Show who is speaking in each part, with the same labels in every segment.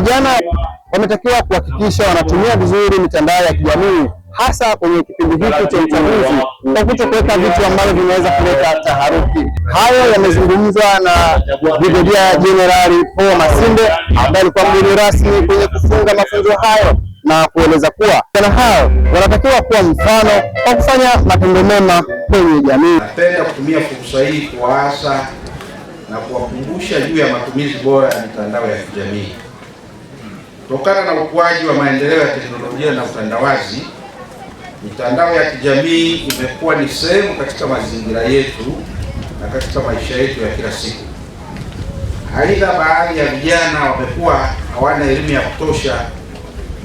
Speaker 1: Vijana wametakiwa kuhakikisha wanatumia vizuri mitandao ya kijamii hasa kwenye kipindi hiki cha uchaguzi kwa kuto kuweka vitu ambavyo vinaweza kuleta taharuki. Hayo yamezungumzwa na Brigedia Jenerali Paul Masinde ambaye alikuwa mgeni rasmi kwenye kufunga mafunzo hayo na kueleza kuwa vijana hao wanatakiwa kuwa mfano kwa kufanya matendo mema kwenye jamii.
Speaker 2: Napenda kutumia fursa hii kuwaasa na kuwakumbusha juu ya matumizi bora ya mitandao ya kijamii. Kutokana na ukuaji wa maendeleo ya teknolojia na utandawazi, mitandao ya kijamii imekuwa ni sehemu katika mazingira yetu na katika maisha yetu ya kila siku. Aidha, baadhi ya vijana wamekuwa hawana elimu ya kutosha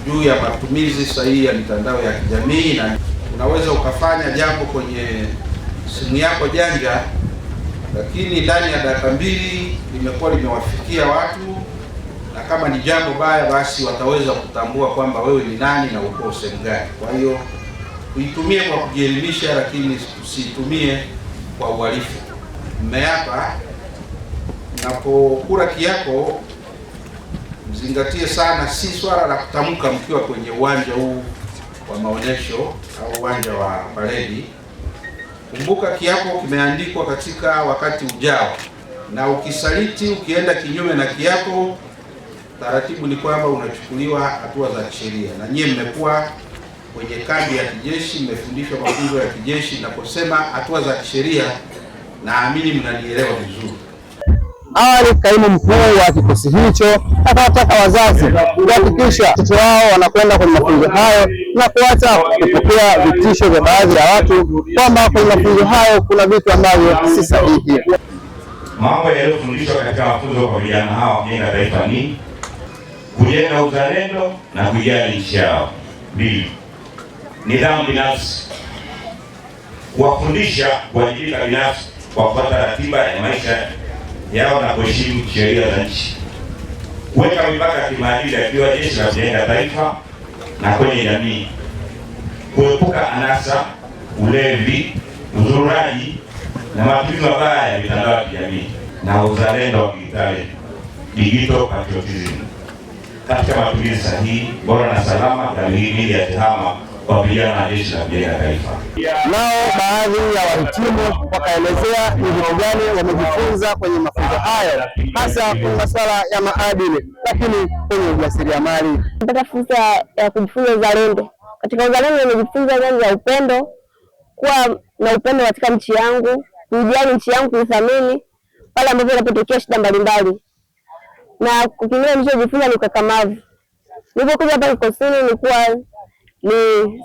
Speaker 2: juu ya matumizi sahihi ya mitandao ya kijamii, na unaweza ukafanya jambo kwenye simu yako janja, lakini ndani ya dakika mbili limekuwa limewafikia watu na kama ni jambo baya, basi wataweza kutambua kwamba wewe ni nani na uko sehemu gani. Kwa hiyo uitumie kwa kujielimisha, lakini usiitumie kwa uhalifu. Mmeapa kura kiapo, mzingatie sana, si swala la kutamka mkiwa kwenye uwanja huu wa maonyesho au uwanja wa paredi. Kumbuka kiapo kimeandikwa katika wakati ujao, na ukisaliti, ukienda kinyume na kiapo Taratibu ni kwamba unachukuliwa hatua za kisheria, na nyie mmekuwa kwenye kambi ya kijeshi, mmefundishwa mafunzo ya kijeshi. Naposema hatua za kisheria, naamini mnanielewa vizuri.
Speaker 1: Awali kaimu mkuu wa kikosi hicho akawataka wazazi kuhakikisha watoto wao wanakwenda kwenye mafunzo hayo na kuacha kupokea vitisho vya baadhi ya watu kwamba kwenye mafunzo hayo kuna vitu ambavyo si sahihi.
Speaker 2: Mambo yaliyofundishwa katika mafunzo kwa vijana hawa wakienda taifa ni kujenga uzalendo na kujali nchi yao. Mbili, nidhamu binafsi, kuwafundisha kuwajibika binafsi kwa kufuata ratiba ya maisha yao na kuheshimu sheria za nchi, kuweka mipaka ya kimaadili akiwa jeshi la kujenga taifa na kwenye jamii, kuepuka anasa, ulevi, uzururaji na matumizi mabaya ya mitandao ya kijamii na uzalendo wa kidijitali, digital patriotism katika matumizi sahihi, bora na salama ya mihimili ya TEHAMA kwa vijana na Jeshi la Kujenga Taifa.
Speaker 1: Nao baadhi ya wahitimu wakaelezea ni vitu gani wamejifunza kwenye mafunzo hayo, hasa kwenye masuala ya maadili, lakini kwenye ujasiriamali.
Speaker 3: Napata fursa ya kujifunza uzalendo. Katika uzalendo nimejifunza za upendo, kuwa na upendo katika nchi yangu, kuijali nchi yangu, kuithamini pale ambapo inapotokea shida mbalimbali na kukimbia nilichojifunza ni ukakamavu. Nilipokuja hapa kikosini nilikuwa ni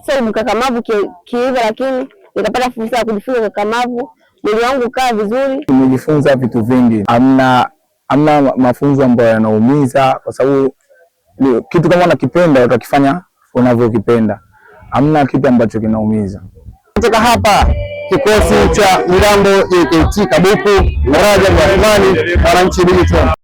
Speaker 3: sio mkakamavu kiiva, lakini nikapata fursa ya kujifunza ukakamavu, mwili wangu ukaa vizuri.
Speaker 4: Tumejifunza vitu vingi, amna amna mafunzo ambayo yanaumiza, kwa sababu kitu kama unakipenda utakifanya unavyokipenda, amna kitu ambacho kinaumiza.
Speaker 1: Kutoka hapa kikosi cha Mirambo JKT Kabuku, Rajab Athmani, Mwananchi Digital.